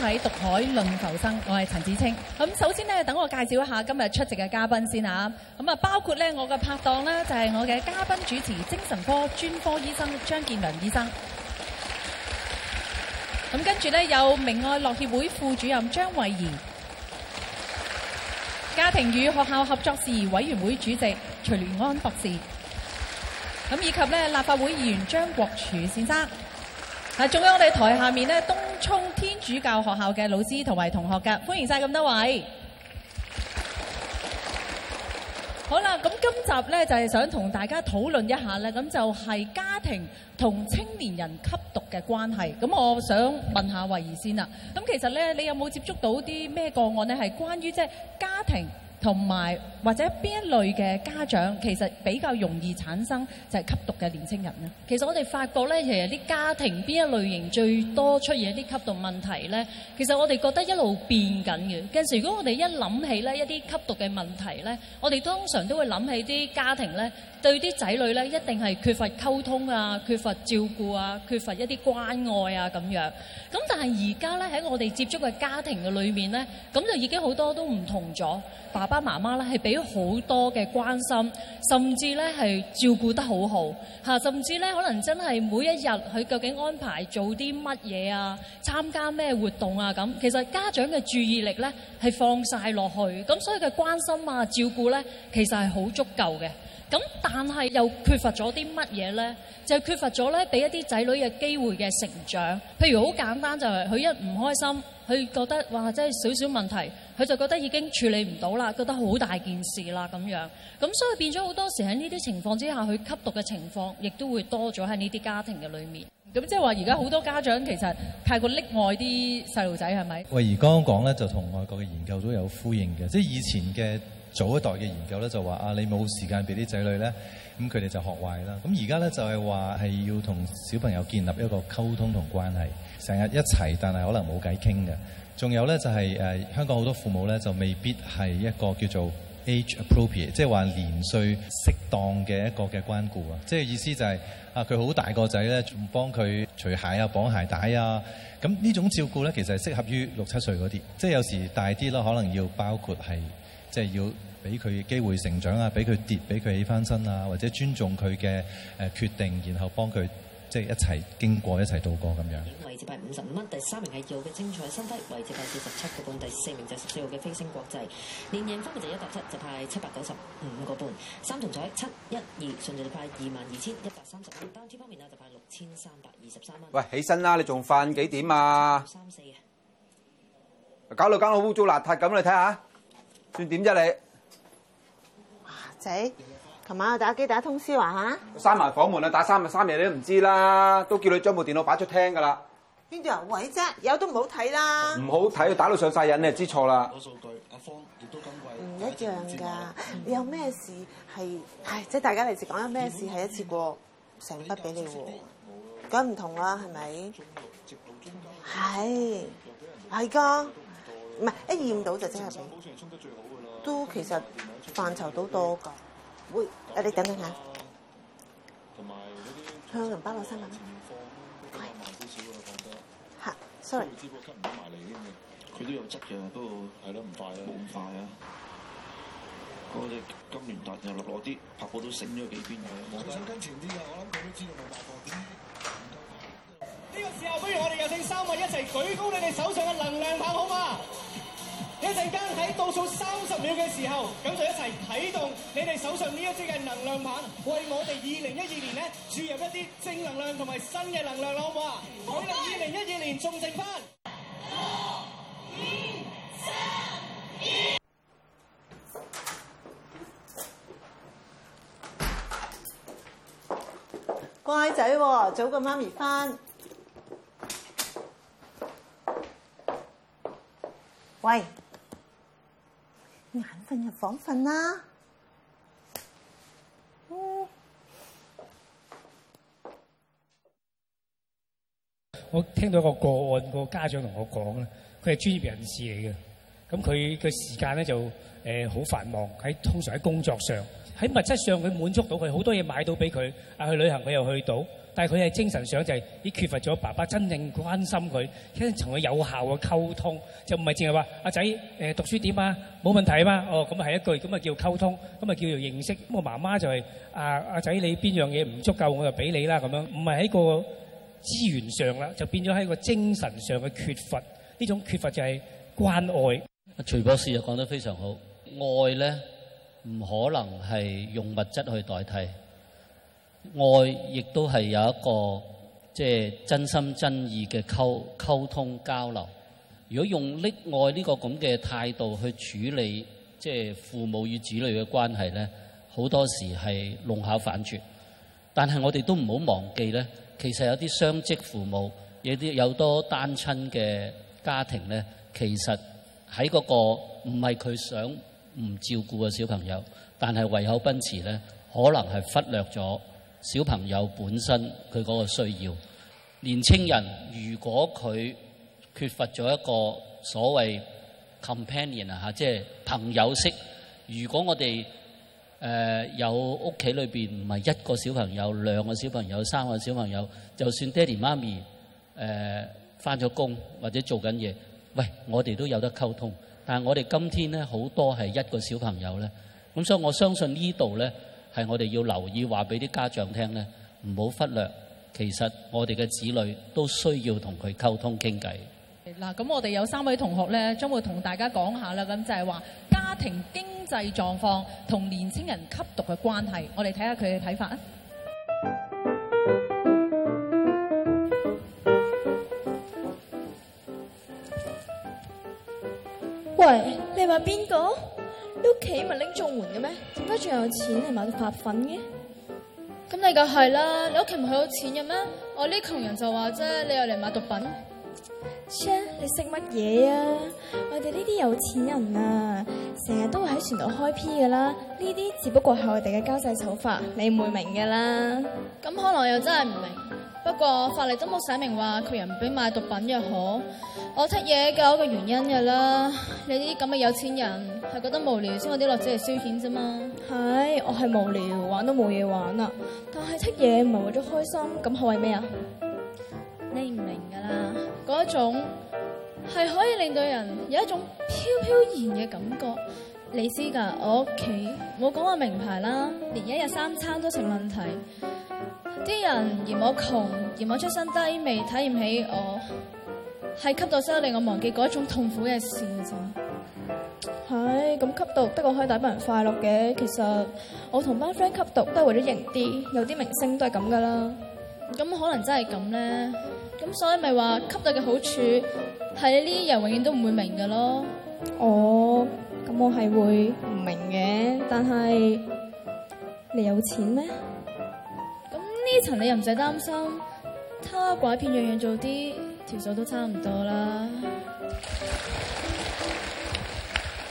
喺《在獨海論浮生》我是，我係陳芷菁。咁首先呢，等我介紹一下今日出席嘅嘉賓先咁啊，包括呢，我嘅拍檔呢，就係、是、我嘅嘉賓主持精神科專科醫生張建良醫生。咁跟住呢，有明愛樂協會副主任張慧怡，家庭與學校合作事宜委員會主席徐聯安博士。咁以及呢，立法會議員張國柱先生。嗱，仲有我哋台下面咧，東涌天主教學校嘅老師同埋同學噶，歡迎晒咁多位。好啦，咁今集咧就係、是、想同大家討論一下咧，咁就係家庭同青年人吸毒嘅關係。咁我想問下惠儀先啦。咁其實咧，你有冇接觸到啲咩個案呢？係關於即係、就是、家庭。同埋或者邊一類嘅家長其實比較容易產生就係吸毒嘅年青人咧？其實我哋發覺咧，其實啲家庭邊一類型最多出現一啲吸毒問題咧。其實我哋覺得一路變緊嘅。跟住如果我哋一諗起咧一啲吸毒嘅問題咧，我哋通常都會諗起啲家庭咧。對啲仔女咧，一定係缺乏溝通啊，缺乏照顧啊，缺乏一啲關愛啊，咁樣咁。但係而家咧喺我哋接觸嘅家庭嘅裏面咧，咁就已經好多都唔同咗。爸爸媽媽咧係俾好多嘅關心，甚至咧係照顧得好好嚇，甚至咧可能真係每一日佢究竟安排做啲乜嘢啊，參加咩活動啊咁。其實家長嘅注意力咧係放晒落去，咁所以嘅關心啊、照顧咧，其實係好足夠嘅。咁但係又缺乏咗啲乜嘢咧？就係缺乏咗咧，俾一啲仔女嘅機會嘅成長。譬如好簡單就係，佢一唔開心，佢覺得哇，即係少少問題，佢就覺得已經處理唔到啦，覺得好大件事啦咁樣。咁所以變咗好多時喺呢啲情況之下，佢吸毒嘅情況亦都會多咗喺呢啲家庭嘅裏面。咁即係話而家好多家長其實太過溺愛啲細路仔係咪？喂，而剛講咧就同外國嘅研究都有呼應嘅，即係以前嘅。早一代嘅研究咧就話啊，你冇時間俾啲仔女咧，咁佢哋就學壞啦。咁而家咧就係話係要同小朋友建立一個溝通同關係，成日一齊，但係可能冇偈傾嘅。仲有咧就係誒香港好多父母咧就未必係一個叫做 age appropriate，即係話年歲適當嘅一個嘅關顧啊。即係意思就係啊，佢好大個仔咧，仲幫佢除鞋啊、綁鞋帶啊。咁呢種照顧咧，其實係適合於六七歲嗰啲，即係有時大啲啦可能要包括係。即係要俾佢機會成長啊！俾佢跌，俾佢起翻身啊！或者尊重佢嘅誒決定，然後幫佢即係一齊經過，一齊度過咁樣。位置派五十五蚊，第三名係九嘅精彩身輝，位置派四十七個半，第四名就十四號嘅飛星國際，連贏方面就一百七，就派七百九十五個半，三重彩七一二順序就派二萬二千一百三十蚊，單挑方面啊就派六千三百二十三蚊。喂，起身啦！你仲瞓幾點啊？三四啊！搞到搞到污糟邋遢咁，你睇下。算點啫你？仔，琴晚我打機打通宵話吓，閂埋房門啊，打三日三夜你都唔知啦，都叫你將部電腦擺出廳噶啦。邊度有位啫？有都唔好睇啦。唔好睇，打到上晒癮你就知錯啦。數據阿方亦都咁貴。唔一樣㗎，你有咩事係係即係大家嚟自講有咩事係一次過成筆俾你喎？咁唔同啦，係咪？係係㗎。唔係一驗到就真係俾。都其實範疇都多㗎，喂、啊、你等一等下。同埋嗰啲向銀巴洛山銀。前面放，咁對啊少少嘅啦，放多。嚇，sorry。佢都有質嘅，不過係咯，唔快冇咁快啊。嗯、我哋今年突然落落啲拍股都升咗幾邊嘅。我想跟前啲啊，我諗佢都知道個脈搏點。呢個時候，不如我哋有請三位一齊舉高你哋手上嘅能量棒，好嗎？一陣間喺倒數三十秒嘅時候，咁就一齊啟動你哋手上呢一支嘅能量棒，為我哋二零一二年咧注入一啲正能量同埋新嘅能量咯！哇！好啦，二零一二年仲剩翻六、五、四、二，三二乖仔喎、啊，早咁啱而返，喂。眼瞓就房瞓啦。嗯，我聽到個個案個家長同我講咧，佢係專業人士嚟嘅，咁佢嘅時間咧就誒好繁忙，喺通常喺工作上，喺物質上佢滿足到佢，好多嘢買到俾佢，啊去旅行佢又去到。但係佢係精神上就係已經缺乏咗爸爸真正關心佢，真正同佢有效嘅溝通，就唔係淨係話阿仔誒讀書點啊，冇問題嘛，哦咁係一句，咁啊叫做溝通，咁啊叫做認識。咁我媽媽就係啊阿仔你邊樣嘢唔足夠我就俾你啦咁樣，唔係喺個資源上啦，就變咗喺個精神上嘅缺乏。呢種缺乏就係關愛。徐博士又講得非常好，愛咧唔可能係用物質去代替。愛亦都係有一個即係真心真意嘅溝溝通交流。如果用溺愛呢個咁嘅態度去處理即係父母與子女嘅關係咧，好多時係弄巧反拙。但係我哋都唔好忘記咧，其實有啲雙職父母，有啲有多單親嘅家庭咧，其實喺嗰個唔係佢想唔照顧嘅小朋友，但係為口奔馳咧，可能係忽略咗。小朋友本身佢嗰個需要，年青人如果佢缺乏咗一個所謂 companion 啊吓，即係朋友式。如果我哋誒、呃、有屋企裏邊唔係一個小朋友、兩個小朋友、三個小朋友，就算爹哋媽咪誒翻咗工或者做緊嘢，喂，我哋都有得溝通。但係我哋今天咧好多係一個小朋友咧，咁所以我相信這裡呢度咧。係我哋要留意話俾啲家長聽咧，唔好忽略，其實我哋嘅子女都需要同佢溝通傾偈。嗱，咁我哋有三位同學咧，將會同大家講下啦。咁就係話家庭經濟狀況同年青人吸毒嘅關係，我哋睇下佢嘅睇法啊！喂，你話邊個？你屋企咪拎綜援嘅咩？點解仲有錢嚟買到白粉嘅？咁你就係啦，你屋企唔係好有錢嘅咩？我呢啲窮人就話啫，你又嚟買毒品？切，你識乜嘢啊？我哋呢啲有錢人啊，成日都會喺船度開 P 噶啦，呢啲只不過係我哋嘅交際手法，你唔會明嘅啦。咁可能我又真係唔明白。不過法例都冇寫明話拒人唔俾賣毒品嘅好，我出嘢嘅一個原因嘅啦。你啲咁嘅有錢人係覺得無聊，先有啲樂子嚟消遣啫嘛。係，我係無聊，玩都冇嘢玩啦。但係出嘢唔係為咗開心，咁係為咩啊？你唔明㗎啦，嗰種係可以令到人有一種飄飄然嘅感覺，你知㗎？Okay. 沒說我屋企冇講話名牌啦，連一日三餐都成問題。啲人嫌我窮，嫌我出身低微，睇唔起我，係吸毒先令我忘記嗰一種痛苦嘅事嘅啫。係咁吸毒，不過可以帶俾人快樂嘅。其實我同班 friend 吸毒都係為咗型啲，有啲明星都係咁噶啦。咁可能真係咁咧，咁所以咪話吸毒嘅好處係呢啲人永遠都唔會明噶咯。哦，咁我係會唔明嘅，但係你有錢咩？呢層你又唔使擔心，偷拐騙樣樣做啲，條數都差唔多啦。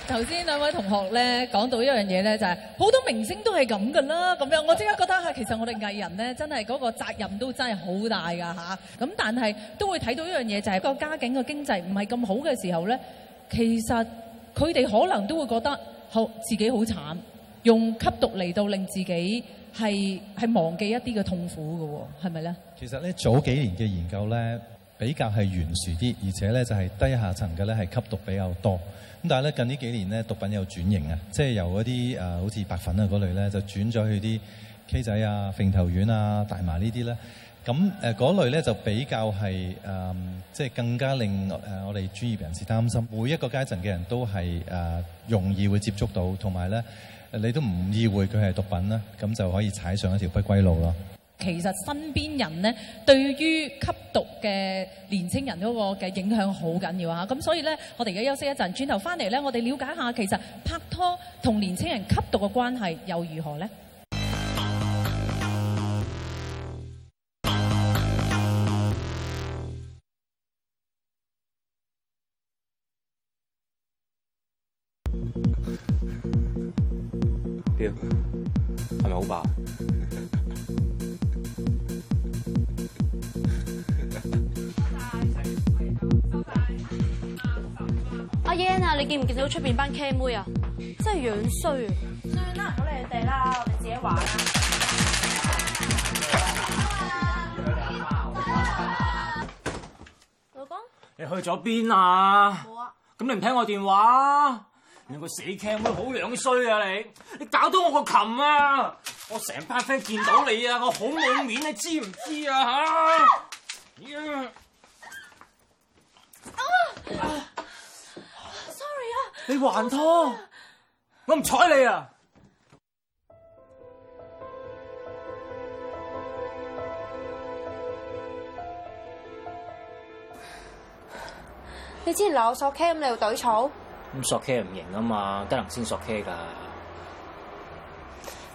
頭先兩位同學咧講到一樣嘢咧，就係好多明星都係咁噶啦。咁樣我即刻覺得嚇，其實我哋藝人咧真係嗰個責任都真係好大噶嚇。咁、啊、但係都會睇到一樣嘢，就係，就係個家境個經濟唔係咁好嘅時候咧，其實佢哋可能都會覺得好自己好慘。用吸毒嚟到令自己係，係忘記一啲嘅痛苦嘅係咪咧？是是呢其實咧，早幾年嘅研究咧比較係懸殊啲，而且咧就係、是、低下層嘅咧係吸毒比較多。咁但係咧近呢幾年咧毒品又轉型是、呃、就啊，即係由一啲誒，好似白粉啊嗰類咧就轉咗去啲 K 仔啊、揈頭丸啊、大麻這些呢啲咧。咁誒嗰類咧就比較係誒即係更加令誒、呃、我哋專業人士擔心。每一個階層嘅人都係誒、呃、容易會接觸到，同埋咧。誒你都唔意會佢係毒品啦，咁就可以踩上一條不歸路咯。其實身邊人咧，對於吸毒嘅年青人嗰個嘅影響好緊要啊。咁所以咧，我哋而家休息一陣，轉頭翻嚟咧，我哋了解下其實拍拖同年青人吸毒嘅關係又如何咧？到出邊班 K 妹啊，真係樣衰啊！算啦，唔好理你哋啦，我哋自己玩啦。老公，老公你去咗邊啊？咁我你唔聽我電話？你個死 K 妹好樣衰啊！你你搞到我個琴啊！我成班 friend 見到你啊，我好冇面，你知唔知啊？吓 Yeah.、啊！你還拖？我唔睬你啊！你之前鬧我索 K 咁，你又懟草？咁索 K 唔型啊嘛，得能先索 K 噶。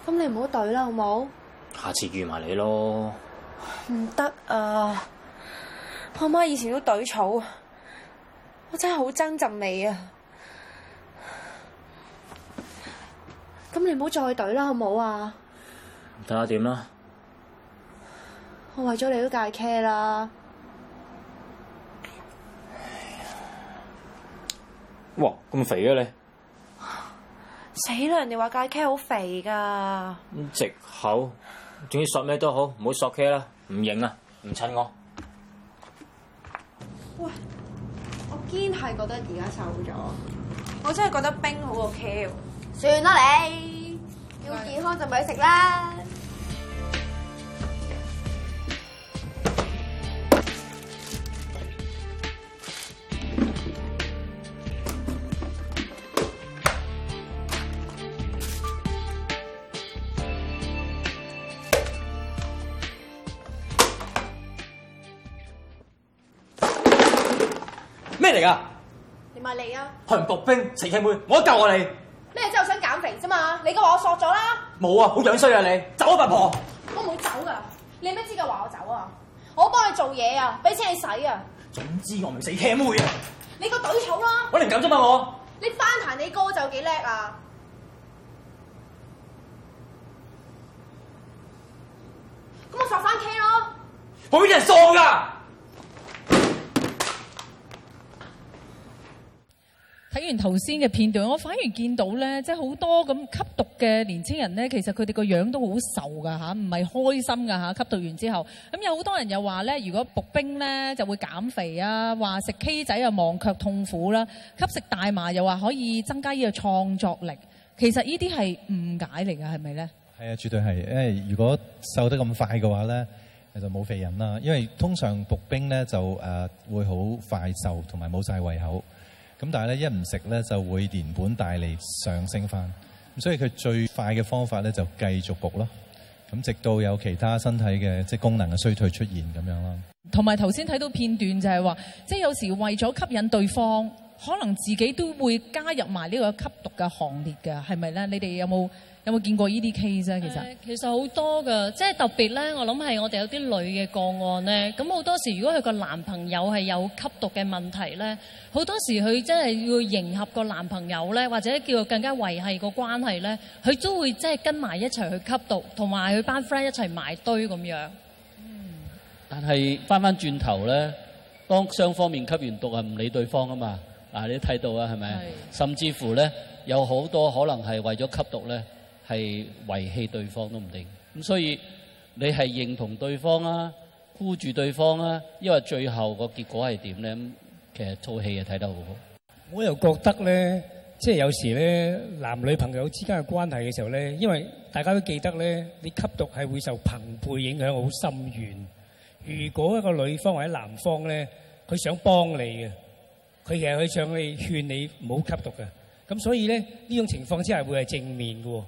咁你唔好懟啦，好冇？下次遇埋你咯。唔得啊！我媽以前都懟草，我真係好憎陣味啊！咁你唔好再懟啦，好唔好了麼啊？睇下點啦。我為咗你都戒 K 啦。哇，咁肥啊你！死啦！人哋話戒 K 好肥噶。咁直口，總之索咩都好，唔好索 K 啦。唔影啊，唔襯我。喂，我堅係覺得而家瘦咗，我真係覺，覺得冰好過 K 算啦，你，要健康就咪食啦。咩嚟噶？你咪嚟啊！韓薄冰，陳慶妹，我救下你。嚟啫嘛！你嘅話我索咗啦，冇啊，好樣衰啊你，走啊八婆！我唔會走噶，你有咩資格話我走啊？我幫佢做嘢啊，俾錢你使啊。總之我唔係死茄妹啊，你個隊草咯。我唔夠啫嘛我，你翻彈你哥就幾叻啊，咁我索翻 K 咯。我呢啲傻索噶。睇完頭先嘅片段，我反而見到咧，即係好多咁吸毒嘅年青人咧，其實佢哋個樣都好瘦噶嚇，唔係開心噶嚇。吸毒完之後，咁有好多人又話咧，如果服冰咧就會減肥啊，話食 K 仔又忘卻痛苦啦，吸食大麻又話可以增加呢個創作力。其實呢啲係誤解嚟㗎，係咪咧？係啊，絕對係。因為如果瘦得咁快嘅話咧，其實冇肥人啦。因為通常服冰咧就誒會好快瘦，同埋冇曬胃口。咁但係咧一唔食咧就會連本帶利上升翻，咁所以佢最快嘅方法咧就繼續焗咯，咁直到有其他身體嘅即係功能嘅衰退出現咁樣咯。同埋頭先睇到片段就係話，即係有時為咗吸引對方，可能自己都會加入埋呢個吸毒嘅行列嘅，係咪咧？你哋有冇？有冇見過呢啲 case 啫？其實其實好多㗎，即係特別咧。我諗係我哋有啲女嘅個案咧，咁好多時如果佢個男朋友係有吸毒嘅問題咧，好多時佢真係要迎合個男朋友咧，或者叫做更加維繫個關係咧，佢都會即係跟埋一齊去吸毒，同埋佢班 friend 一齊埋堆咁樣。嗯，但係返返轉頭咧，當雙方面吸完毒係唔理對方吖嘛？嗱，你睇到啊，係咪？甚至乎咧，有好多可能係為咗吸毒咧。係遺棄對方都唔定咁，所以你係認同對方啊，箍住對方啊，因為最後個結果係點咧？其實套戲啊睇得好好。我又覺得咧，即係有時咧，男女朋友之間嘅關係嘅時候咧，因為大家都記得咧，你吸毒係會受朋輩影響好深遠。如果一個女方或者男方咧，佢想幫你嘅，佢其實佢想去勸你唔好吸毒嘅。咁所以咧，呢種情況之下會係正面嘅喎。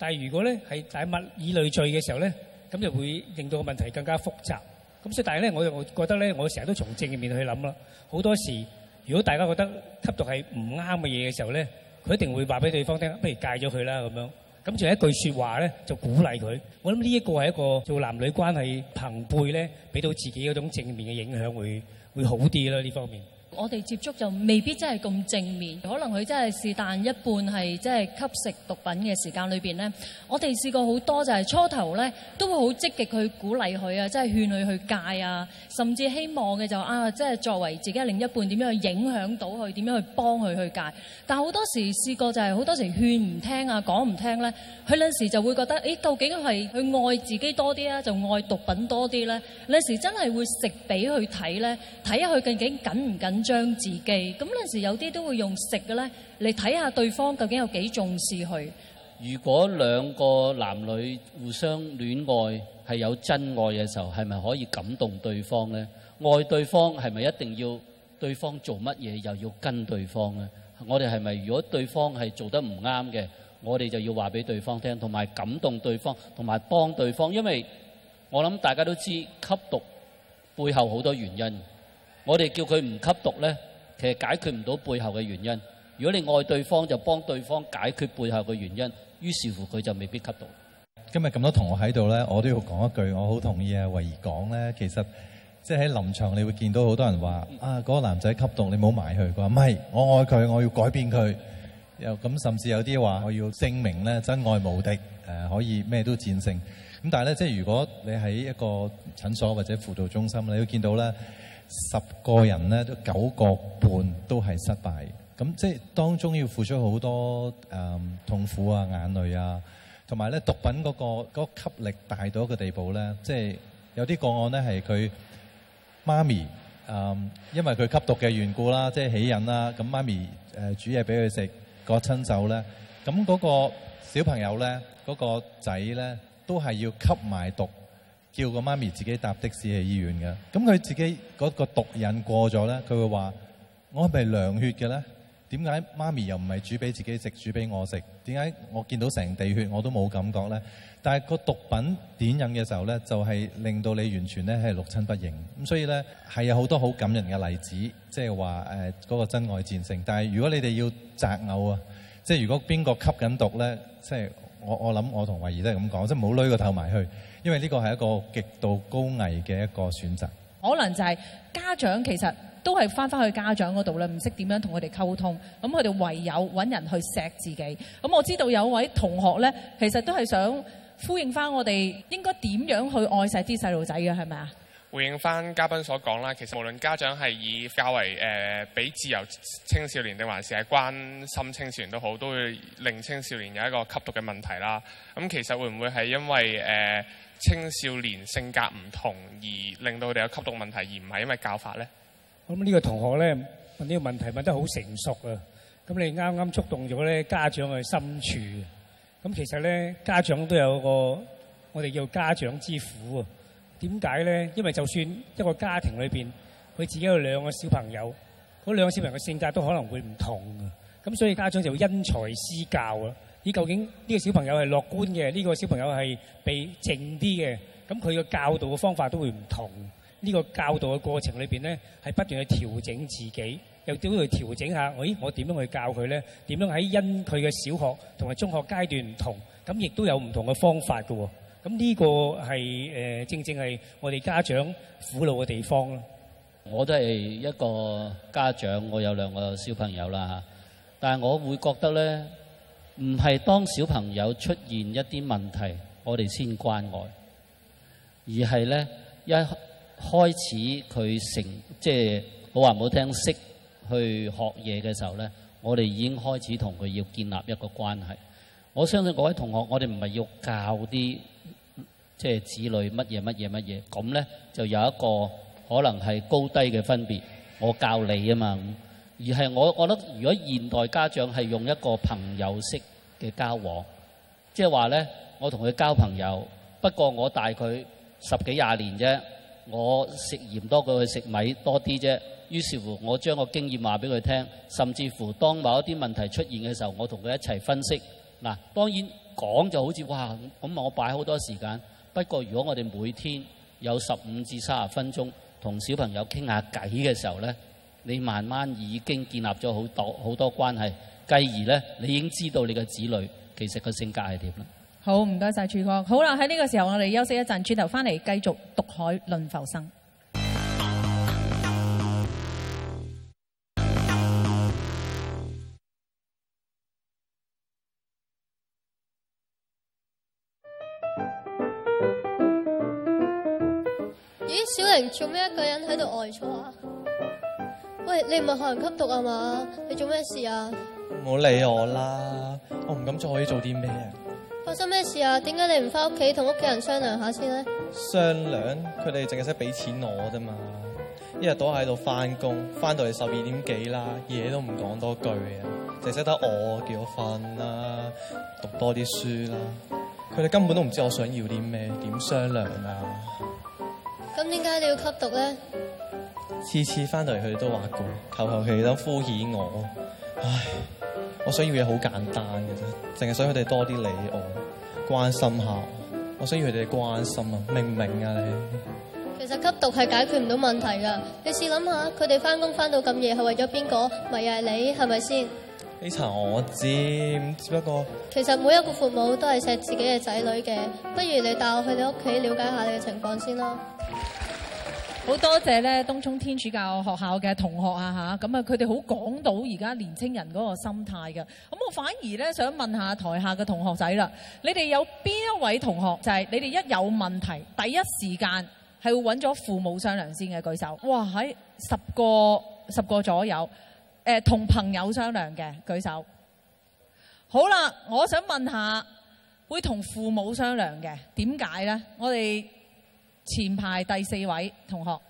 但係如果咧係大物以類聚嘅時候咧，咁就會令到個問題更加複雜。咁所以，但係咧，我又覺得咧，我成日都從正面去諗啦。好多時，如果大家覺得吸毒係唔啱嘅嘢嘅時候咧，佢一定會話俾對方聽，不如戒咗佢啦咁樣。咁仲有一句説話咧，就鼓勵佢。我諗呢一個係一個做男女關係朋輩咧，俾到自己嗰種正面嘅影響，會會好啲啦呢方面。我哋接觸就未必真係咁正面，可能佢真係是但一半係即係吸食毒品嘅時間裏邊咧。我哋試過好多就係初頭咧，都會好積極去鼓勵佢啊，即係勸佢去戒啊，甚至希望嘅就啊，即係作為自己另一半點樣去影響到佢，點樣去幫佢去戒。但係好多時試過就係好多時勸唔聽啊，講唔聽咧，佢有陣時就會覺得誒，究竟係佢愛自己多啲啊，就愛毒品多啲咧？有陣時真係會食俾佢睇咧，睇下佢究竟緊唔緊？將自己咁嗰陣時，有啲都會用食嘅呢嚟睇下對方究竟有幾重視佢。如果兩個男女互相戀愛係有真愛嘅時候，係咪可以感動對方呢？愛對方係咪一定要對方做乜嘢又要跟對方呢？我哋係咪如果對方係做得唔啱嘅，我哋就要話俾對方聽，同埋感動對方，同埋幫對方？因為我諗大家都知吸毒背後好多原因。我哋叫佢唔吸毒咧，其實解決唔到背後嘅原因。如果你愛對方，就幫對方解決背後嘅原因，於是乎佢就未必吸毒。今日咁多同學喺度咧，我都要講一句，我好同意啊。維怡講咧，其實即係喺臨場你會見到好多人話、嗯、啊，嗰、那個、男仔吸毒，你唔好埋去，佢話唔係，我愛佢，我要改變佢。又咁，甚至有啲話我要證明咧，真愛無敵，誒可以咩都戰勝。咁但係咧，即、就、係、是、如果你喺一個診所或者輔導中心，你會見到咧。十個人咧，都九個半都係失敗。咁即係當中要付出好多誒、嗯、痛苦啊、眼淚啊，同埋咧毒品嗰、嗰個嗰個吸力大到一個地步咧，即、就、係、是、有啲個案咧係佢媽咪誒、嗯，因為佢吸毒嘅緣故啦，即係起癮啦。咁媽咪誒、呃、煮嘢俾佢食，嗰個親手咧，咁、那、嗰個小朋友咧，嗰、嗰個仔咧，都係要吸埋毒。叫個媽咪自己搭的士去醫院嘅，咁佢自己嗰個毒癮過咗咧，佢會話：我係咪涼血嘅咧？點解媽咪又唔係煮俾自己食，煮俾我食？點解我見到成地血我都冇感覺咧？但係個毒品點飲嘅時候咧，就係、是、令到你完全咧係六親不認。咁所以咧係有好多好感人嘅例子，即係話嗰個真愛戰勝。但係如果你哋要擇偶啊，即、就、係、是、如果邊個吸緊毒咧，即、就、係、是。我我諗我同惠儀都係咁講，即係唔好濾個頭埋去，因為呢個係一個極度高危嘅一個選擇。可能就係家長其實都係翻返去家長嗰度啦，唔識點樣同佢哋溝通，咁佢哋唯有揾人去錫自己。咁我知道有位同學咧，其實都係想呼應翻我哋應該點樣去愛錫啲細路仔嘅，係咪啊？回應翻嘉賓所講啦，其實無論家長係以較為誒俾、呃、自由青少年定還是係關心青少年都好，都會令青少年有一個吸毒嘅問題啦。咁其實會唔會係因為誒、呃、青少年性格唔同而令到佢哋有吸毒問題，而唔係因為教法咧？我諗呢個同學咧問呢個問題問得好成熟啊！咁你啱啱觸動咗咧家長嘅心處，咁其實咧家長都有一個我哋叫家長之苦啊。點解呢？因為就算一個家庭裏面，佢自己有兩個小朋友，嗰兩個小朋友嘅性格都可能會唔同嘅，咁所以家長就會因材施教啊！咦，究竟呢個小朋友係樂觀嘅，呢、這個小朋友係被靜啲嘅，咁佢嘅教導嘅方法都會唔同。呢、這個教導嘅過程裏面呢，係不斷去調整自己，又點去調整一下？咦，我點樣去教佢呢？點樣喺因佢嘅小學同埋中學階段唔同，咁亦都有唔同嘅方法嘅喎、哦。咁呢個係誒、呃、正正係我哋家長苦惱嘅地方咯。我都係一個家長，我有兩個小朋友啦嚇，但係我會覺得咧，唔係當小朋友出現一啲問題，我哋先關愛，而係咧一開始佢成即係、就是、好話唔好聽，識去學嘢嘅時候咧，我哋已經開始同佢要建立一個關係。我相信各位同學，我哋唔係要教啲。即係子女乜嘢乜嘢乜嘢咁呢，就有一個可能係高低嘅分別。我教你啊嘛，而係我，我覺得，如果現代家長係用一個朋友式嘅交往，即係話呢，我同佢交朋友，不過我大佢十幾廿年啫。我食鹽多過佢食米多啲啫。於是乎，我將個經驗話俾佢聽，甚至乎當某一啲問題出現嘅時候，我同佢一齊分析嗱。當然講就好似哇咁我擺好多時間。不過，如果我哋每天有十五至三十分鐘同小朋友傾下偈嘅時候呢，你慢慢已經建立咗好多好多關係，繼而呢，你已經知道你嘅子女其實個性格係點啦。好，唔該晒，處哥。好啦，喺呢個時候我哋休息一陣，轉頭翻嚟繼續讀海論浮生。小玲做咩一個人喺度呆坐啊？喂，你唔係學人吸毒啊嘛？你做咩事啊？唔好理我啦，我唔敢再可以做啲咩啊！發生咩事啊？點解你唔翻屋企同屋企人商量一下先咧？商量，佢哋淨係識俾錢我啫嘛！一日都喺度翻工，翻到嚟十二點幾啦，嘢都唔講多句啊，淨係識得我叫我瞓啦，讀多啲書啦，佢哋根本都唔知我想要啲咩，點商量啊？咁點解你要吸毒咧？次次翻嚟佢哋都話過，求求其都敷衍我。唉，我想要嘢好簡單嘅啫，淨係想佢哋多啲理我，關心下我。我需要佢哋關心啊，你明唔明啊？其實吸毒係解決唔到問題㗎。你試諗下，佢哋翻工翻到咁夜係為咗邊個？咪又係你係咪先？是呢層我知，只不過其實每一個父母都係錫自己嘅仔女嘅，不如你帶我你家去你屋企了解下你嘅情況先啦。好多謝咧，東涌天主教學校嘅同學啊嚇，咁啊佢哋好講到而家年青人嗰個心態嘅，咁我反而咧想問下台下嘅同學仔啦，你哋有邊一位同學就係你哋一有問題，第一時間係會揾咗父母商量先嘅？舉手哇，喺十個十個左右。誒同朋友商量嘅，舉手。好啦，我想問下，會同父母商量嘅，點解咧？我哋前排第四位同學。咁、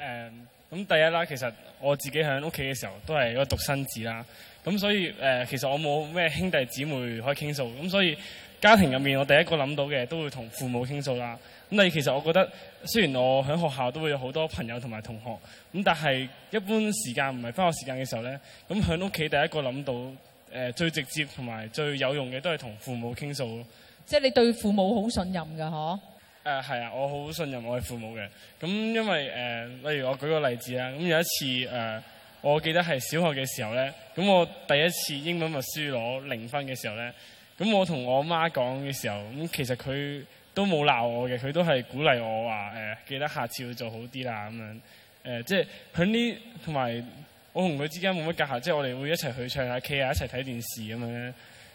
嗯嗯、第一啦，其實我自己喺屋企嘅時候都係一個獨生子啦。咁所以誒、呃，其實我冇咩兄弟姊妹可以傾訴，咁所以家庭入面我第一個諗到嘅都會同父母傾訴啦。咁但係其實我覺得，雖然我喺學校都會有好多朋友同埋同學，咁但係一般時間唔係翻學時間嘅時候咧，咁喺屋企第一個諗到誒、呃、最直接同埋最有用嘅都係同父母傾訴咯。即係你對父母好信任㗎，嗬、呃？誒係啊，我好信任我嘅父母嘅。咁因為誒、呃，例如我舉個例子啊，咁有一次誒、呃我記得係小學嘅時候呢，咁我第一次英文默書攞零分嘅時候呢，咁我同我媽講嘅時候，咁其實佢都冇鬧我嘅，佢都係鼓勵我話誒、嗯，記得下次要做好啲啦咁樣。即係喺呢同埋我同佢之間冇乜隔閡，即係我哋會一齊去唱下 K 啊，一齊睇電視咁樣。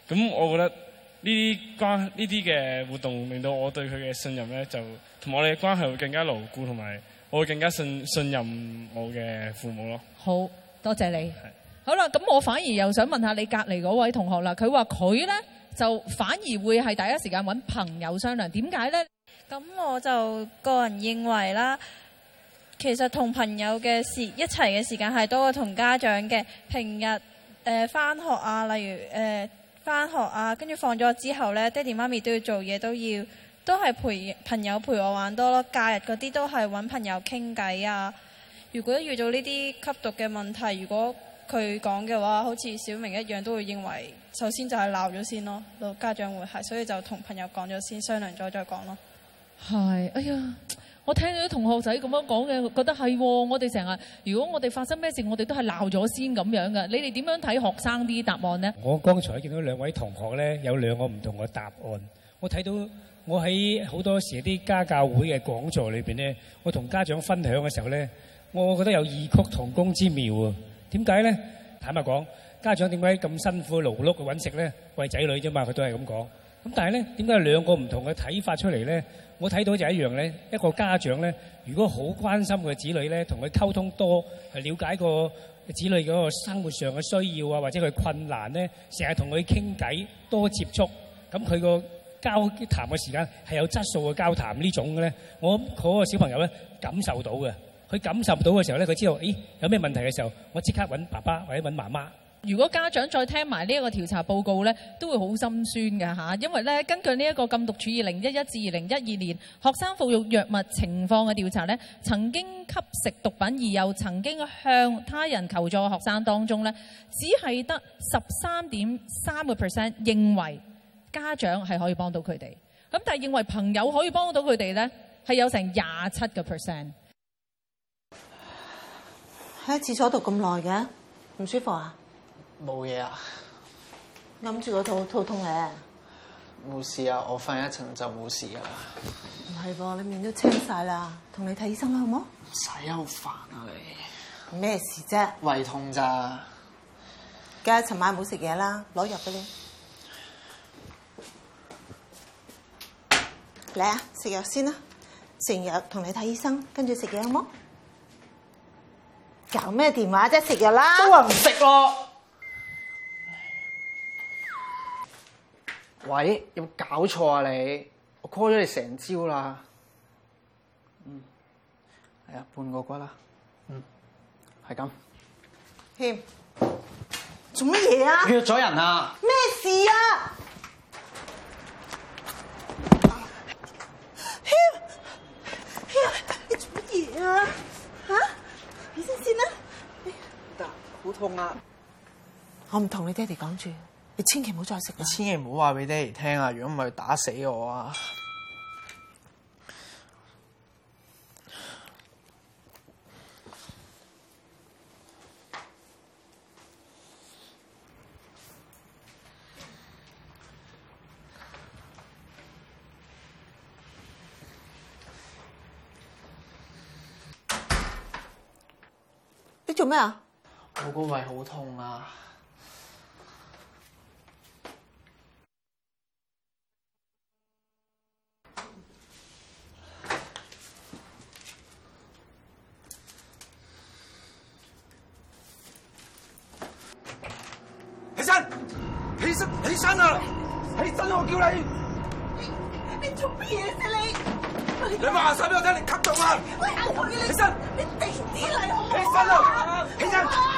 咁我覺得呢啲關呢啲嘅活動，令到我對佢嘅信任呢，就同我哋嘅關係會更加牢固同埋。我會更加信信任我嘅父母咯。好多謝你。是好啦，咁我反而又想問下你隔離嗰位同學啦。佢話佢呢，就反而會係第一時間揾朋友商量，點解呢？咁我就個人認為啦，其實同朋友嘅時一齊嘅時間係多過同家長嘅。平日誒翻、呃、學啊，例如誒翻、呃、學啊，跟住放咗之後呢，爹哋媽咪都要做嘢都要。都係陪朋友陪我玩多咯，假日嗰啲都係揾朋友傾偈啊。如果遇到呢啲吸毒嘅問題，如果佢講嘅話，好似小明一樣，都會認為首先就係鬧咗先咯。到家長會係，所以就同朋友講咗先，商量咗再講咯。係，哎呀，我聽到啲同學仔咁樣講嘅，我覺得係喎。我哋成日如果我哋發生咩事，我哋都係鬧咗先咁樣㗎。你哋點樣睇學生啲答案呢？我剛才見到兩位同學咧，有兩個唔同嘅答案，我睇到。我喺好多時啲家教會嘅講座裏邊咧，我同家長分享嘅時候咧，我覺得有異曲同工之妙啊！點解咧？坦白講，家長點解咁辛苦勞碌搵食咧？為仔女啫嘛，佢都係咁講。咁但係咧，點解兩個唔同嘅睇法出嚟咧？我睇到就一樣咧。一個家長咧，如果好關心佢嘅子女咧，同佢溝通多，係瞭解個子女嗰個生活上嘅需要啊，或者佢困難咧，成日同佢傾偈，多接觸，咁佢個，交談嘅時間係有質素嘅交談這種呢種嘅咧，我嗰個小朋友咧，感受到嘅，佢感受到嘅時候咧，佢知道，咦，有咩問題嘅時候，我即刻揾爸爸或者揾媽媽。如果家長再聽埋呢一個調查報告咧，都會好心酸㗎吓，因為咧，根據呢一個禁毒處二零一一至二零一二年學生服用藥物情況嘅調查咧，曾經吸食毒品而又曾經向他人求助嘅學生當中咧，只係得十三點三個 percent 認為，家長係可以幫到佢哋，咁但係認為朋友可以幫到佢哋咧，係有成廿七個 percent。喺廁所度咁耐嘅，唔舒服啊？冇嘢啊，諗住個肚，肚痛咧。冇事啊，事我瞓一層就冇事啊。唔係噃，你面都青晒啦，同你睇醫生啦，好唔好？唔使好煩啊你？咩事啫？胃痛咋？梗係尋晚冇食嘢啦，攞藥畀你。來你啊！食藥先啦，成日同你睇醫生，跟住食藥好冇？搞咩電話啫？食藥啦！都話唔食喎。喂，有冇搞錯啊你？我 call 咗你成朝啦。嗯，係啊，半個骨啦。嗯，係咁。嘿，做乜嘢啊？約咗人啊！咩事啊？痛啊，我唔同你爹哋講住，你千祈唔好再食。你千祈唔好話俾爹哋聽啊！如果唔係打死我啊你！你做咩啊？我個胃好痛啊！起身，起身，起身啊！起身，我叫你，你做乜嘢啫你？你話晒俾我聽，你吸毒啦！起身，你停你嚟，好唔好啊？起身啦，起身！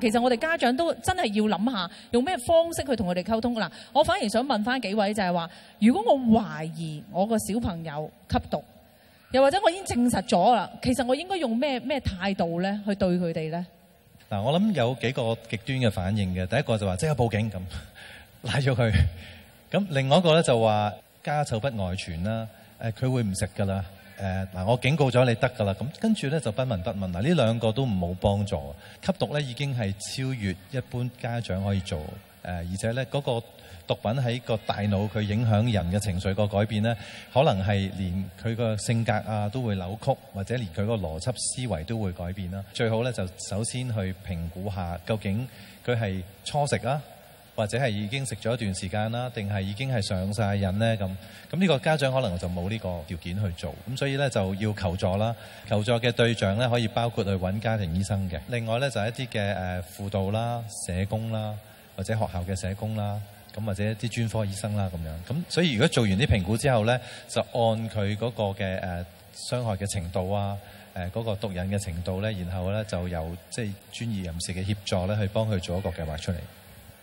其實我哋家長都真係要諗下，用咩方式去同佢哋溝通噶啦。我反而想問翻幾位就係話，如果我懷疑我個小朋友吸毒，又或者我已經證實咗啦，其實我應該用咩咩態度咧去對佢哋咧？嗱，我諗有幾個極端嘅反應嘅，第一個就話即刻報警咁拉咗佢，咁另外一個咧就話家醜不外傳啦，誒佢會唔食噶啦。誒嗱、呃，我警告咗你得㗎啦。咁跟住咧就不聞不問。嗱，呢兩個都冇幫助。吸毒咧已經係超越一般家長可以做誒、呃，而且咧嗰、那個毒品喺個大腦佢影響人嘅情緒個改變咧，可能係連佢個性格啊都會扭曲，或者連佢個邏輯思維都會改變啦。最好咧就首先去評估下究竟佢係初食啦、啊或者係已經食咗一段時間啦，定係已經係上晒癮了呢？咁咁呢個家長可能就冇呢個條件去做咁，所以呢，就要求助啦。求助嘅對象呢，可以包括去揾家庭醫生嘅，另外呢，就係、一啲嘅誒輔導啦、社工啦，或者學校嘅社工啦，咁或者一啲專科醫生啦咁樣。咁所以如果做完啲評估之後呢，就按佢嗰個嘅誒、呃、傷害嘅程度啊，誒、呃、嗰、嗰個毒癮嘅程度呢，然後呢，就由即係、就係、專業人士嘅協助呢，去幫佢做一個計劃出嚟。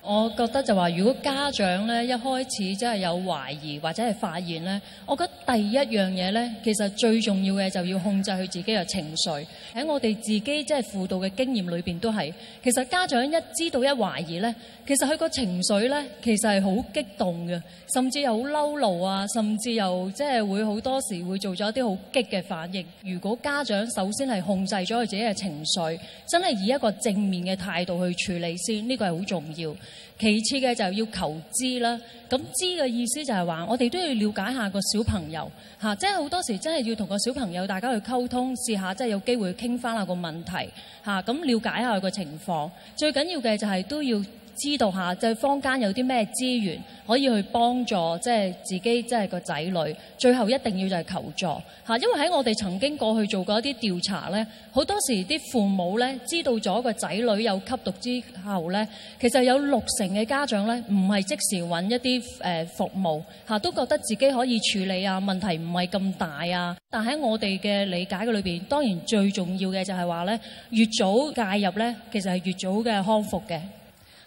我覺得就話，如果家長咧一開始真係有懷疑或者係發現咧，我覺得第一樣嘢咧，其實最重要嘅就要控制佢自己嘅情緒。喺我哋自己即係輔導嘅經驗裏面，都係，其實家長一知道一懷疑咧，其實佢個情緒咧其實係好激動嘅，甚至又好嬲怒啊，甚至又即係會好多時會做咗一啲好激嘅反應。如果家長首先係控制咗佢自己嘅情緒，真係以一個正面嘅態度去處理先，呢個係好重要。其次嘅就要求知啦，咁知嘅意思就是話，我哋都要了解下個小朋友吓，即係好多時真係要同個小朋友大家去溝通，試下即係有機會傾翻下個問題吓，咁了解下個情況，最緊要嘅就係都要。知道下就係坊間有啲咩資源可以去幫助，即係自己，即係個仔女。最後一定要就係求助吓，因為喺我哋曾經過去做過一啲調查咧，好多時啲父母咧知道咗個仔女有吸毒之後咧，其實有六成嘅家長咧唔係即時揾一啲誒服務吓，都覺得自己可以處理啊，問題唔係咁大啊。但喺我哋嘅理解嘅裏邊，當然最重要嘅就係話咧，越早介入咧，其實係越早嘅康復嘅。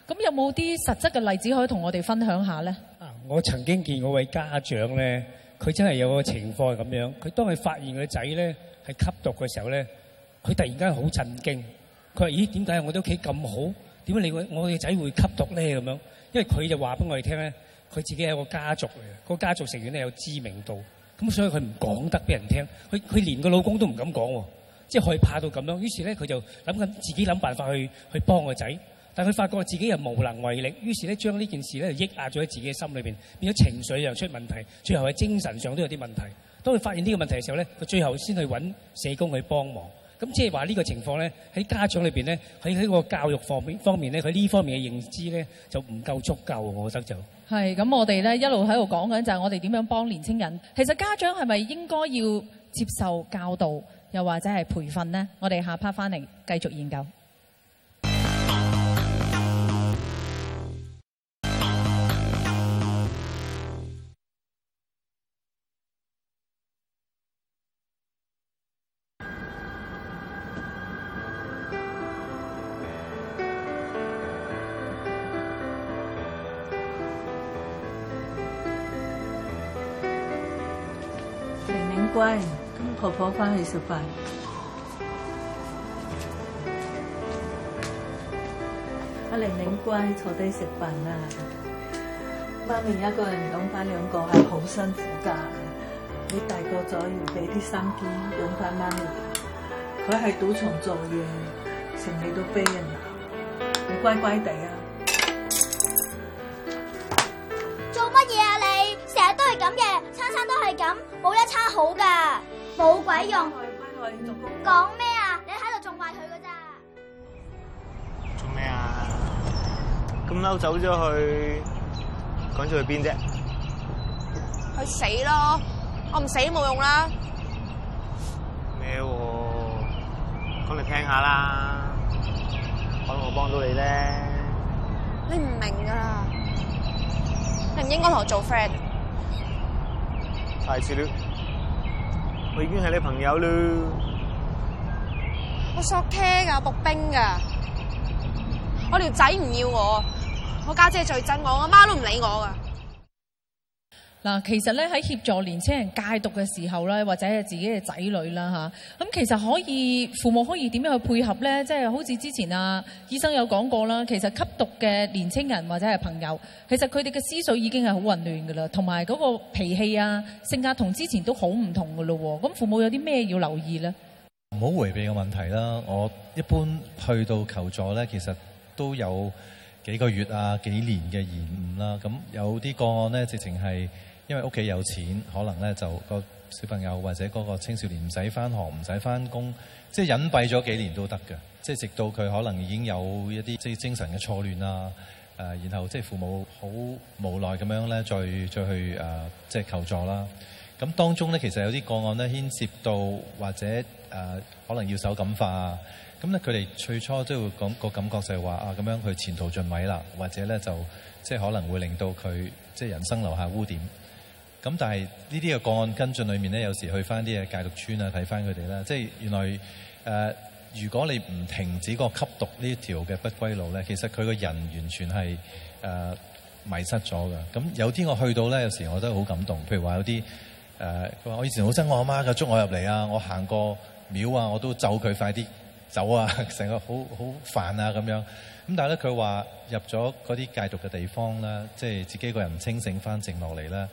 咁有冇啲實質嘅例子可以同我哋分享下咧？啊，我曾經見過一位家長咧，佢真係有個情況係咁樣。佢當佢發現個仔咧係吸毒嘅時候咧，佢突然間好震驚。佢話：咦，點解我哋屋企咁好？點解你我哋仔會吸毒咧？咁樣，因為佢就話俾我哋聽咧，佢自己係一個家族嚟嘅，個家族成員咧有知名度，咁所以佢唔講得俾人聽。佢佢連個老公都唔敢講喎，即係害怕到咁樣。於是咧，佢就諗緊自己諗辦法去去幫個仔。但佢發覺自己又無能為力，於是咧將呢件事咧抑壓咗喺自己嘅心裏邊，變咗情緒又出問題，最後喺精神上都有啲問題。當佢發現呢個問題嘅時候咧，佢最後先去揾社工去幫忙。咁即係話呢個情況咧，喺家長裏邊咧，喺喺個教育方面方面咧，佢呢方面嘅認知咧就唔夠足夠的，我覺得就係咁。我哋咧一路喺度講緊就係我哋點樣幫年青人。其實家長係咪應該要接受教導，又或者係培訓呢？我哋下 part 翻嚟繼續研究。乖，跟婆婆翻去食飯。阿、啊、玲玲乖，坐低食飯啦。媽咪一個人養翻兩個係好辛苦噶。你大個咗，要俾啲心機養翻媽咪。佢喺賭場做嘢，成日都畀人鬧了。你乖乖地啊！冇一叉好噶，冇鬼用。講咩啊？你喺度仲壞佢噶咋？做咩啊？咁嬲，走咗去，趕住去邊啫？去死咯！我唔死冇用啦。咩？講嚟聽下啦，可能我幫到你咧。你唔明噶啦，你唔應該同我做 friend。第二次，我已經係你朋友了，我索車㗎，我搏冰㗎，我條仔唔要我，我家姐最憎我，我媽都唔理我㗎。嗱、啊，其實咧喺協助年青人戒毒嘅時候咧，或者係自己嘅仔女啦嚇，咁、啊嗯、其實可以父母可以點樣去配合咧？即、就、係、是、好似之前啊，醫生有講過啦，其實吸毒嘅年青人或者係朋友，其實佢哋嘅思緒已經係好混亂㗎啦，同埋嗰個脾氣啊性格同之前都好唔同㗎咯喎，咁父母有啲咩要留意咧？唔好回避嘅問題啦，我一般去到求助咧，其實都有幾個月啊幾年嘅延誤啦，咁有啲個案咧，直情係。因為屋企有錢，可能咧就、個小朋友或者嗰個青少年唔使翻學，唔使翻工，即係隱蔽咗幾年都得嘅。即、就、係、是、直到佢可能已經有一啲即、就是、精神嘅錯亂啦，然後即係、就是、父母好無奈咁樣咧，再再去即係、呃就是、求助啦。咁當中咧，其實有啲個案咧牽涉到或者、呃、可能要受感化啊。咁咧，佢哋最初都會講個感覺就係話啊，咁樣佢前途盡毀啦，或者咧就即係、就是、可能會令到佢即係人生留下污點。咁但係呢啲嘅個案跟進裏面咧，有時去翻啲嘅戒毒村啊，睇翻佢哋啦。即係原來誒、呃，如果你唔停止個吸毒呢條嘅不歸路咧，其實佢個人完全係誒、呃、迷失咗㗎。咁有啲我去到咧，有時我都好感動。譬如話有啲誒，佢話我以前好憎我阿媽嘅，捉我入嚟啊，我行過廟啊，我都咒佢快啲走啊，成個好好煩啊咁樣。咁但係咧，佢話入咗嗰啲戒毒嘅地方啦，即係自己個人清醒翻靜落嚟啦。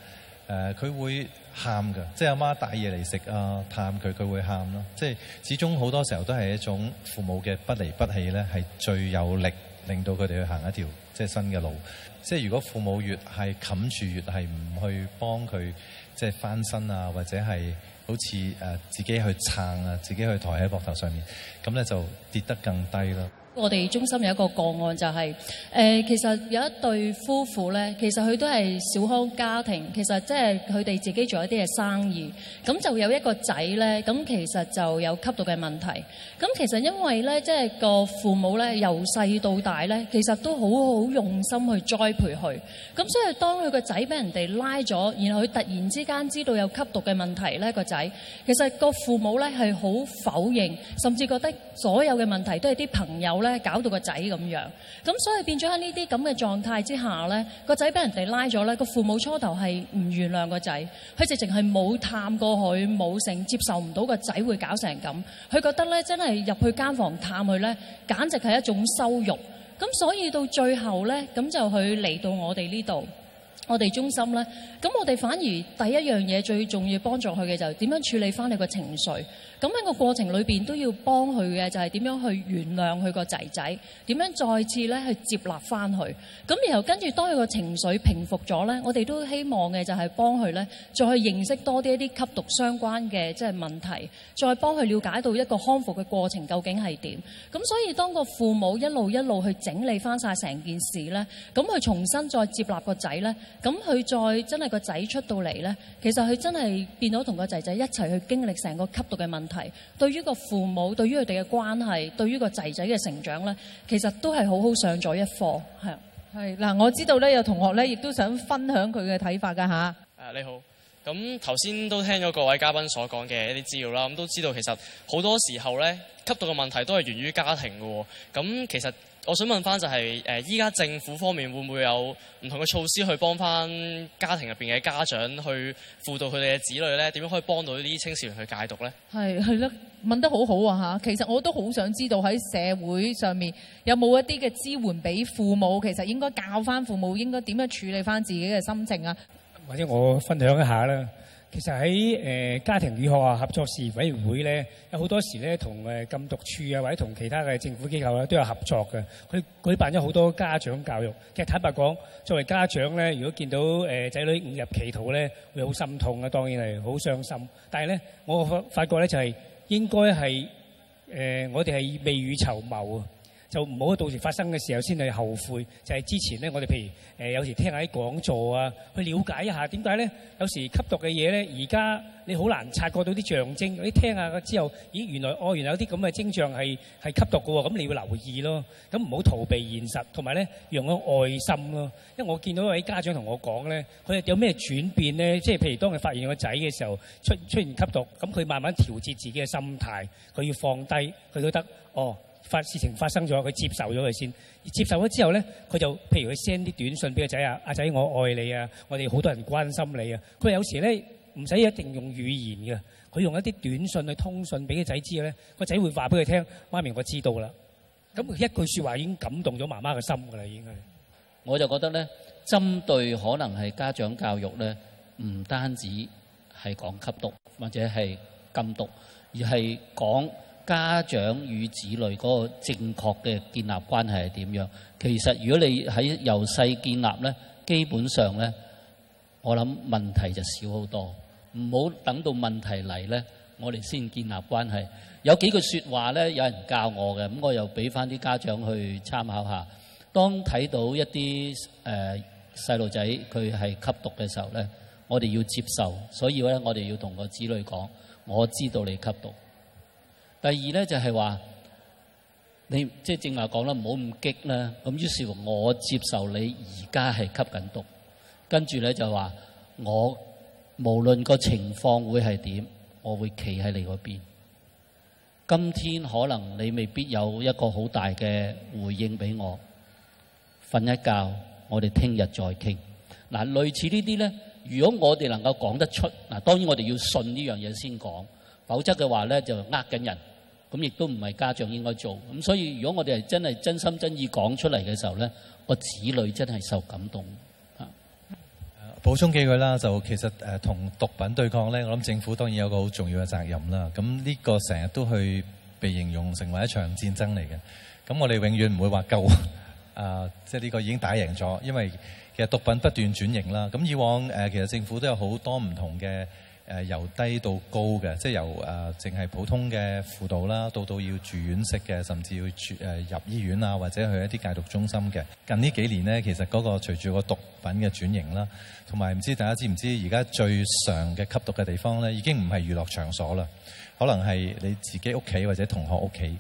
誒佢、呃、會喊㗎，即係阿媽帶嘢嚟食啊，探佢，佢會喊咯。即係始終好多時候都係一種父母嘅不離不棄咧，係最有力令到佢哋去行一條即係新嘅路。即係如果父母越係冚住，越係唔去幫佢即係翻身啊，或者係好似、呃、自己去撐啊，自己去抬喺膊頭上面，咁咧就跌得更低啦。我哋中心有一個個案，就係誒，其實有一對夫婦咧，其實佢都係小康家庭，其實即係佢哋自己做一啲嘅生意，咁就有一個仔咧，咁其實就有吸毒嘅問題。咁其實因為咧，即係個父母咧，由細到大咧，其實都好好用心去栽培佢。咁所以當佢個仔俾人哋拉咗，然後佢突然之間知道有吸毒嘅問題咧，個仔其實個父母咧係好否認，甚至覺得所有嘅問題都係啲朋友咧。咧搞到個仔咁樣，咁所以變咗喺呢啲咁嘅狀態之下咧，個仔俾人哋拉咗咧，個父母初頭係唔原諒個仔，佢直情係冇探過佢，冇成接受唔到個仔會搞成咁，佢覺得咧真係入去間房探佢咧，簡直係一種羞辱。咁所以到最後咧，咁就佢嚟到我哋呢度，我哋中心咧，咁我哋反而第一樣嘢最重要幫助佢嘅就係點樣處理翻你個情緒。咁喺個過程裏邊都要幫佢嘅，就係點樣去原諒佢個仔仔，點樣再次咧去接納翻佢。咁然後跟住當佢個情緒平復咗咧，我哋都希望嘅就係幫佢咧，再去認識多啲一啲吸毒相關嘅即係問題，再幫佢瞭解到一個康復嘅過程究竟係點。咁所以當個父母一路一路去整理翻曬成件事咧，咁佢重新再接納個仔咧，咁佢再真係個仔出到嚟咧，其實佢真係變咗同個仔仔一齊去經歷成個吸毒嘅問題。對於個父母，對於佢哋嘅關係，對於個仔仔嘅成長呢，其實都係好好上咗一課，係。係嗱，我知道呢，有同學呢亦都想分享佢嘅睇法噶吓。誒，你好。咁頭先都聽咗各位嘉賓所講嘅一啲資料啦，咁都知道其實好多時候呢，吸毒嘅問題都係源於家庭噶。咁其實。我想問翻就係、是、誒，依、呃、家政府方面會唔會有唔同嘅措施去幫翻家庭入邊嘅家長去輔導佢哋嘅子女咧？點樣可以幫到呢啲青少年去戒毒咧？係係啦，問得好好啊嚇！其實我都好想知道喺社會上面有冇一啲嘅支援俾父母，其實應該教翻父母應該點樣處理翻自己嘅心情啊！或者我分享一下啦。其實喺誒家庭與學校合作事宜委員會咧，有好多時咧同誒禁毒處啊，或者同其他嘅政府機構咧都有合作嘅。佢舉辦咗好多家長教育。其實坦白講，作為家長咧，如果見到誒仔女誤入歧途咧，會好心痛啊，當然係好傷心。但係咧，我發發覺咧就係應該係誒，我哋係未雨綢繆啊。就唔好到時發生嘅時候先去後悔，就係之前咧，我哋譬如誒有時聽下啲講座啊，去了解一下點解咧？有時吸毒嘅嘢咧，而家你好難察覺到啲象徵，你聽下之後，咦，原來哦，原來有啲咁嘅徵象係係吸毒嘅喎，咁你要留意咯。咁唔好逃避現實，同埋咧用個愛心咯。因為我見到一位家長同我講咧，佢哋有咩轉變咧？即係譬如當佢發現個仔嘅時候出出現吸毒，咁佢慢慢調節自己嘅心態，佢要放低，佢都得哦。發事情發生咗，佢接受咗佢先，接受咗之後咧，佢就譬如佢 send 啲短信俾個仔啊，阿仔我愛你啊，我哋好多人關心你啊。佢有時咧唔使一定用語言嘅，佢用一啲短信去通訊俾個仔知咧，個仔會話俾佢聽，媽咪我知道啦。咁佢一句說話已經感動咗媽媽嘅心㗎啦，已經係。我就覺得咧，針對可能係家長教育咧，唔單止係講吸毒或者係禁毒，而係講。家長與子女嗰個正確嘅建立關係係點樣？其實如果你喺由細建立呢，基本上呢，我諗問題就少好多。唔好等到問題嚟呢，我哋先建立關係。有幾句説話呢，有人教我嘅，咁我又俾翻啲家長去參考下。當睇到一啲誒細路仔佢係吸毒嘅時候呢，我哋要接受，所以咧我哋要同個子女講，我知道你吸毒。第二咧就係話，你即係正話講啦，唔好咁激啦。咁於是乎，我接受你而家係吸緊毒，跟住咧就話我無論個情況會係點，我會企喺你嗰邊。今天可能你未必有一個好大嘅回應俾我，瞓一覺，我哋聽日再傾。嗱，類似呢啲咧，如果我哋能夠講得出，嗱當然我哋要信呢樣嘢先講，否則嘅話咧就呃緊人。咁亦都唔係家長應該做，咁所以如果我哋係真係真心真意講出嚟嘅時候咧，個子女真係受感動。啊，補充幾句啦，就其實誒同毒品對抗咧，我諗政府當然有個好重要嘅責任啦。咁呢個成日都去被形容成為一場戰爭嚟嘅，咁我哋永遠唔會話夠啊！即係呢個已經打贏咗，因為其實毒品不斷轉型啦。咁以往誒其實政府都有好多唔同嘅。誒、呃、由低到高嘅，即係由誒淨係普通嘅輔導啦，到到要住院式嘅，甚至要住誒、呃、入醫院啊，或者去一啲戒毒中心嘅。近呢幾年咧，其實嗰個隨住個毒品嘅轉型啦，同埋唔知大家知唔知，而家最常嘅吸毒嘅地方咧，已經唔係娛樂場所啦，可能係你自己屋企或者同學屋企。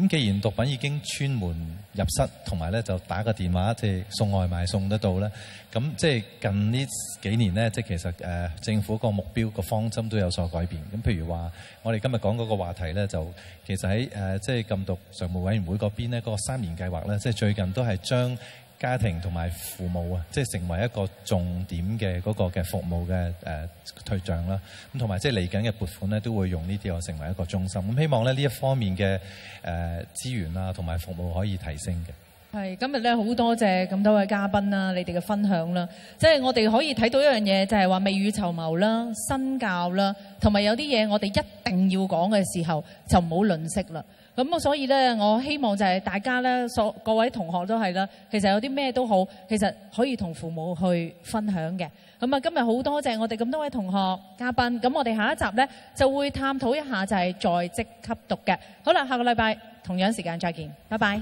咁既然毒品已經穿門入室，同埋咧就打個電話，即係送外賣送得到咧，咁即係近呢幾年咧，即係其實誒、呃、政府個目標個方針都有所改變。咁譬如話我哋今日講嗰個話題咧，就其實喺誒、呃、即係禁毒常務委員會嗰邊咧，嗰、那個、三年計劃咧，即係最近都係將。家庭同埋父母啊，即係成為一個重點嘅嗰個嘅服務嘅誒對象啦。咁同埋即係嚟緊嘅撥款咧，都會用呢啲我成為一個中心。咁希望咧呢一方面嘅誒資源啦，同埋服務可以提升嘅。係今日咧好多謝咁多位嘉賓啦，你哋嘅分享啦，即係我哋可以睇到一樣嘢，就係話未雨綢繆啦、身教啦，同埋有啲嘢我哋一定要講嘅時候就唔好吝嗇啦。咁啊，所以咧，我希望就係大家咧，所各位同學都係啦，其實有啲咩都好，其實可以同父母去分享嘅。咁啊，今日好多謝我哋咁多位同學、嘉賓。咁我哋下一集咧就會探討一下就係在職吸毒嘅。好啦，下個禮拜同樣時間再見，拜拜。